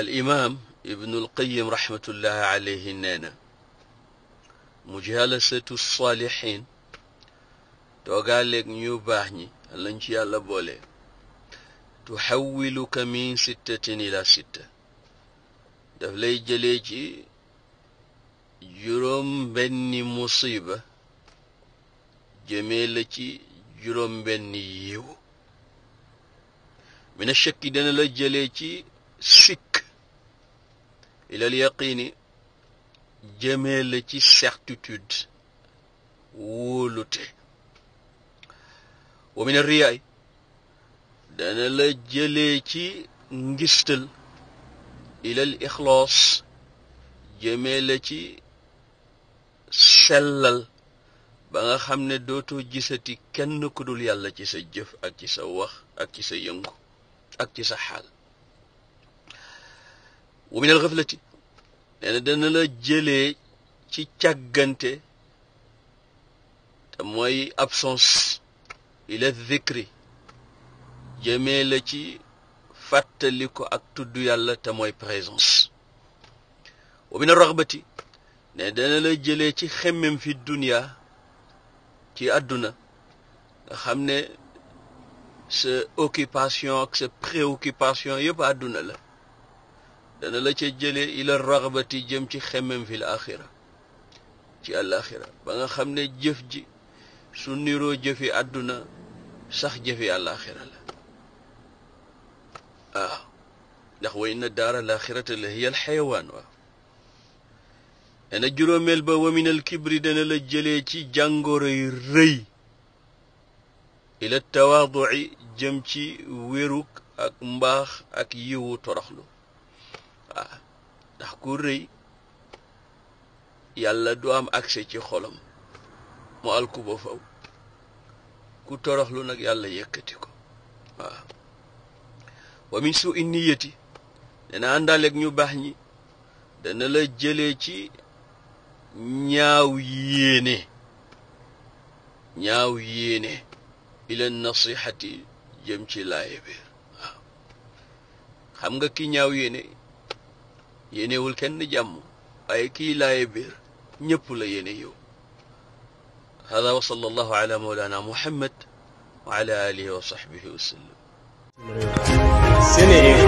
al imaam ibnul qayyim rahmatullahi alayhi nee na mujalasatu saalihin toogaaleeg ñu baax ñi lañ ci yàlla boole tuxawiluka min sittatin ila sitta daf lay jëlee ci juróom benni musiba jëmee la ci juróom benni yiw mina shakki dana la jële ci sikk ilal yaqini jëmee la ci certitude wóolute wa mina riyaay dana la jële ci ngistal ilal ixlaas jëmee la ci sellal ba nga xam ne dootoo gisati kenn kudul yàlla ci sa jëf ak ci sa wax ak ci sa yëngu ak ci sa xaal wa min al ghaflati nee dana la jëlee ci càggante te mooy absence ila zikri jëmee la ci fàttali ko ak tudd yàlla te mooy présence wa min al raghbati ne dana la jële ci xemmem fi dunia ci àdduna nga xam ne sa occupation ak sa préoccupation yëpp àdduna la dana la ca jële ila raxbati jëm ci xemmem fil axira ci àlaxira ba nga xam ne jëf ji su niroo jëfi àdduna sax jëfi àlaxira la waaw ndax wa inna daara alaxirata la hiya alxayawaan waaw nee na juróomeel ba waminal kibri dana la jëlee ci jàngoro yu rëy ila tawaaduci jëm ci wérug ak mbaax ak yiwu toroxlu waaw ndax ku rëy yàlla du am accès ci xolam mu alku ba faw ku toroxlu nag yàlla yëkkati ko waaw wa min suu i niyati dana àndaaleeg ñu baax ñi dana la jële ci ñaaw yéene ñaaw yéene ila nasihati jëm ci laaye biir waaw xam nga ki ñaaw yéene yéenewul kenn jàmm waaye kii laaye biir ñëpp la yéene yow hada wa sallallahu ala mawlana muhammad wa ala alihi wa sahbihi wa sallam